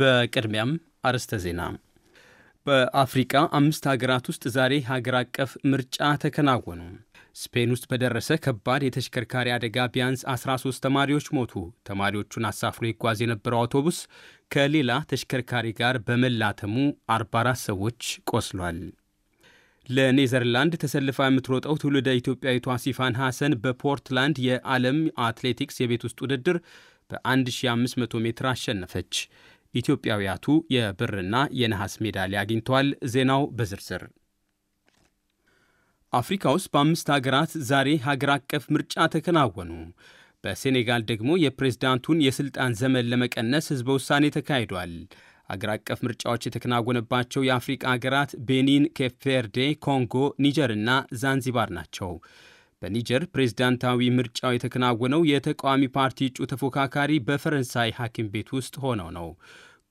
በቅድሚያም አርዕስተ ዜና። በአፍሪቃ አምስት ሀገራት ውስጥ ዛሬ ሀገር አቀፍ ምርጫ ተከናወኑ። ስፔን ውስጥ በደረሰ ከባድ የተሽከርካሪ አደጋ ቢያንስ 13 ተማሪዎች ሞቱ። ተማሪዎቹን አሳፍሮ ይጓዝ የነበረው አውቶቡስ ከሌላ ተሽከርካሪ ጋር በመላተሙ 44 ሰዎች ቆስሏል። ለኔዘርላንድ ተሰልፋ የምትሮጠው ትውልደ ኢትዮጵያዊቷ ሲፋን ሐሰን በፖርትላንድ የዓለም አትሌቲክስ የቤት ውስጥ ውድድር በ1500 ሜትር አሸነፈች። ኢትዮጵያውያቱ የብርና የነሐስ ሜዳሊያ አግኝተዋል። ዜናው በዝርዝር አፍሪካ ውስጥ በአምስት ሀገራት ዛሬ ሀገር አቀፍ ምርጫ ተከናወኑ። በሴኔጋል ደግሞ የፕሬዝዳንቱን የሥልጣን ዘመን ለመቀነስ ሕዝበ ውሳኔ ተካሂዷል። አገር አቀፍ ምርጫዎች የተከናወነባቸው የአፍሪቃ ሀገራት ቤኒን፣ ኬፕ ቬርዴ፣ ኮንጎ፣ ኒጀርና ዛንዚባር ናቸው። በኒጀር ፕሬዝዳንታዊ ምርጫው የተከናወነው የተቃዋሚ ፓርቲ እጩ ተፎካካሪ በፈረንሳይ ሐኪም ቤት ውስጥ ሆነው ነው።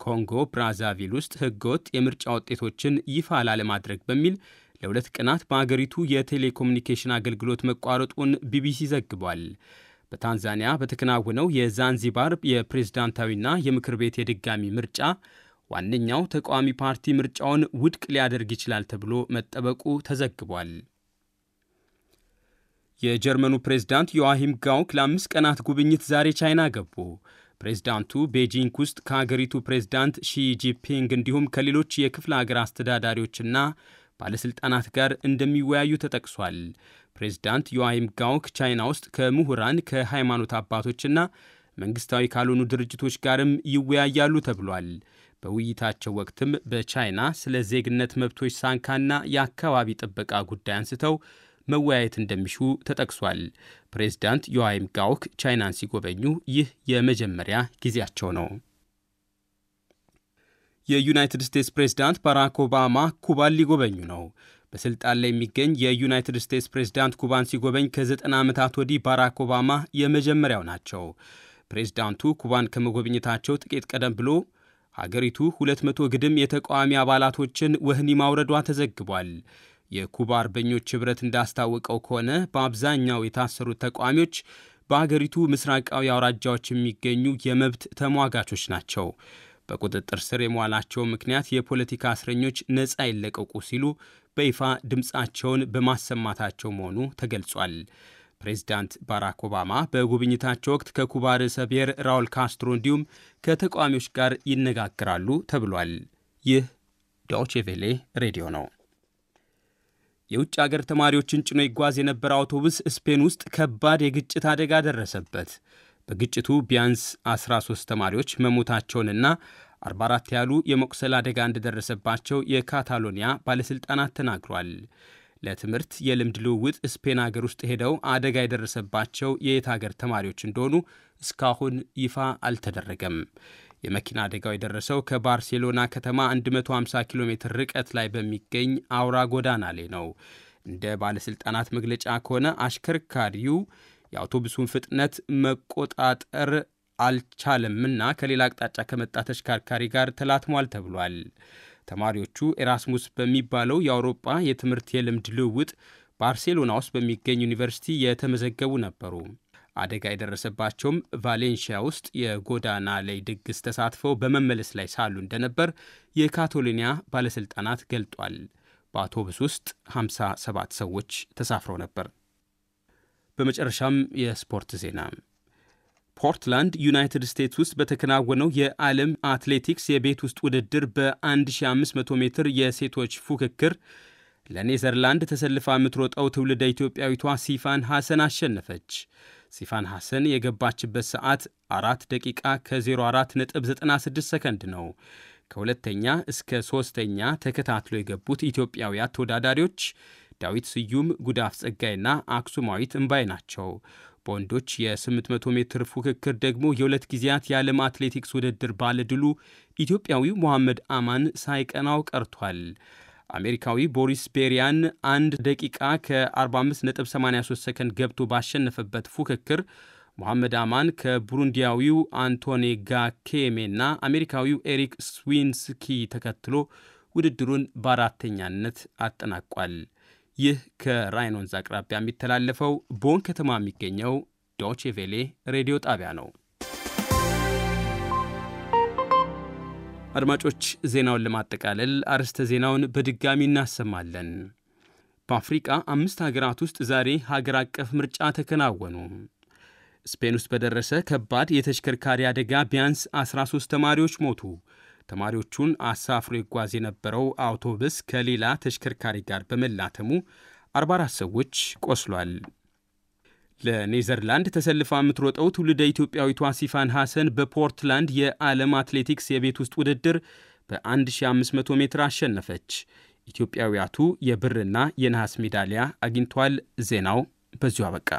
ኮንጎ ብራዛቪል ውስጥ ህገወጥ የምርጫ ውጤቶችን ይፋ ላለማድረግ በሚል ለሁለት ቀናት በአገሪቱ የቴሌኮሙኒኬሽን አገልግሎት መቋረጡን ቢቢሲ ዘግቧል። በታንዛኒያ በተከናወነው የዛንዚባር የፕሬዝዳንታዊና የምክር ቤት የድጋሚ ምርጫ ዋነኛው ተቃዋሚ ፓርቲ ምርጫውን ውድቅ ሊያደርግ ይችላል ተብሎ መጠበቁ ተዘግቧል። የጀርመኑ ፕሬዝዳንት ዮዋሂም ጋውክ ለአምስት ቀናት ጉብኝት ዛሬ ቻይና ገቡ። ፕሬዝዳንቱ ቤጂንግ ውስጥ ከሀገሪቱ ፕሬዝዳንት ሺጂፒንግ እንዲሁም ከሌሎች የክፍለ ሀገር አስተዳዳሪዎችና ባለሥልጣናት ጋር እንደሚወያዩ ተጠቅሷል። ፕሬዝዳንት ዮዋሂም ጋውክ ቻይና ውስጥ ከምሁራን ከሃይማኖት አባቶችና መንግስታዊ ካልሆኑ ድርጅቶች ጋርም ይወያያሉ ተብሏል። በውይይታቸው ወቅትም በቻይና ስለ ዜግነት መብቶች ሳንካና የአካባቢ ጥበቃ ጉዳይ አንስተው መወያየት እንደሚሹ ተጠቅሷል። ፕሬዝዳንት ዮሐይም ጋውክ ቻይናን ሲጎበኙ ይህ የመጀመሪያ ጊዜያቸው ነው። የዩናይትድ ስቴትስ ፕሬዝዳንት ባራክ ኦባማ ኩባን ሊጎበኙ ነው። በስልጣን ላይ የሚገኝ የዩናይትድ ስቴትስ ፕሬዝዳንት ኩባን ሲጎበኝ ከዘጠና ዓመታት ወዲህ ባራክ ኦባማ የመጀመሪያው ናቸው። ፕሬዝዳንቱ ኩባን ከመጎብኘታቸው ጥቂት ቀደም ብሎ ሀገሪቱ 200 ግድም የተቃዋሚ አባላቶችን ወህኒ ማውረዷ ተዘግቧል። የኩባ አርበኞች ኅብረት እንዳስታወቀው ከሆነ በአብዛኛው የታሰሩት ተቃዋሚዎች በአገሪቱ ምስራቃዊ አውራጃዎች የሚገኙ የመብት ተሟጋቾች ናቸው። በቁጥጥር ስር የመዋላቸው ምክንያት የፖለቲካ እስረኞች ነፃ ይለቀቁ ሲሉ በይፋ ድምፃቸውን በማሰማታቸው መሆኑ ተገልጿል። ፕሬዚዳንት ባራክ ኦባማ በጉብኝታቸው ወቅት ከኩባ ርዕሰ ብሔር ራውል ካስትሮ እንዲሁም ከተቃዋሚዎች ጋር ይነጋግራሉ ተብሏል። ይህ ዶቼ ቬሌ ሬዲዮ ነው። የውጭ አገር ተማሪዎችን ጭኖ ይጓዝ የነበረ አውቶቡስ ስፔን ውስጥ ከባድ የግጭት አደጋ ደረሰበት። በግጭቱ ቢያንስ 13 ተማሪዎች መሞታቸውንና 44 ያሉ የመቁሰል አደጋ እንደደረሰባቸው የካታሎኒያ ባለሥልጣናት ተናግሯል። ለትምህርት የልምድ ልውውጥ ስፔን አገር ውስጥ ሄደው አደጋ የደረሰባቸው የየት አገር ተማሪዎች እንደሆኑ እስካሁን ይፋ አልተደረገም። የመኪና አደጋው የደረሰው ከባርሴሎና ከተማ 150 ኪሎ ሜትር ርቀት ላይ በሚገኝ አውራ ጎዳና ላይ ነው። እንደ ባለሥልጣናት መግለጫ ከሆነ አሽከርካሪው የአውቶቡሱን ፍጥነት መቆጣጠር አልቻለምና ከሌላ አቅጣጫ ከመጣ ተሽከርካሪ ጋር ተላትሟል ተብሏል። ተማሪዎቹ ኤራስሙስ በሚባለው የአውሮጳ የትምህርት የልምድ ልውውጥ ባርሴሎና ውስጥ በሚገኝ ዩኒቨርሲቲ የተመዘገቡ ነበሩ። አደጋ የደረሰባቸውም ቫሌንሺያ ውስጥ የጎዳና ላይ ድግስ ተሳትፈው በመመለስ ላይ ሳሉ እንደነበር የካቶሊኒያ ባለሥልጣናት ገልጧል። በአውቶቡስ ውስጥ 57 ሰዎች ተሳፍረው ነበር። በመጨረሻም የስፖርት ዜና። ፖርትላንድ ዩናይትድ ስቴትስ ውስጥ በተከናወነው የዓለም አትሌቲክስ የቤት ውስጥ ውድድር በ1500 ሜትር የሴቶች ፉክክር ለኔዘርላንድ ተሰልፋ የምትሮጠው ትውልደ ኢትዮጵያዊቷ ሲፋን ሐሰን አሸነፈች። ሲፋን ሐሰን የገባችበት ሰዓት 4 ደቂቃ ከ04.96 ሰከንድ ነው። ከሁለተኛ እስከ ሦስተኛ ተከታትሎ የገቡት ኢትዮጵያውያን ተወዳዳሪዎች ዳዊት ስዩም፣ ጉዳፍ ጸጋይና አክሱማዊት እምባይ ናቸው። በወንዶች የ800 ሜትር ፉክክር ደግሞ የሁለት ጊዜያት የዓለም አትሌቲክስ ውድድር ባለድሉ ኢትዮጵያዊው መሐመድ አማን ሳይቀናው ቀርቷል። አሜሪካዊ ቦሪስ ቤሪያን አንድ ደቂቃ ከ45.83 ሰከንድ ገብቶ ባሸነፈበት ፉክክር ሞሐመድ አማን ከቡሩንዲያዊው አንቶኒ ጋኬሜና አሜሪካዊው ኤሪክ ስዊንስኪ ተከትሎ ውድድሩን በአራተኛነት አጠናቋል። ይህ ከራይን ወንዝ አቅራቢያ የሚተላለፈው ቦን ከተማ የሚገኘው ዶቼ ቬሌ ሬዲዮ ጣቢያ ነው። አድማጮች ዜናውን ለማጠቃለል አርዕስተ ዜናውን በድጋሚ እናሰማለን። በአፍሪቃ አምስት ሀገራት ውስጥ ዛሬ ሀገር አቀፍ ምርጫ ተከናወኑ። ስፔን ውስጥ በደረሰ ከባድ የተሽከርካሪ አደጋ ቢያንስ 13 ተማሪዎች ሞቱ። ተማሪዎቹን አሳፍሮ ይጓዝ የነበረው አውቶቡስ ከሌላ ተሽከርካሪ ጋር በመላተሙ 44 ሰዎች ቆስሏል። ለኔዘርላንድ ተሰልፋ የምትሮጠው ትውልደ ኢትዮጵያዊቷ ሲፋን ሐሰን በፖርትላንድ የዓለም አትሌቲክስ የቤት ውስጥ ውድድር በ1500 ሜትር አሸነፈች። ኢትዮጵያውያቱ የብርና የነሐስ ሜዳሊያ አግኝቷል። ዜናው በዚሁ አበቃ።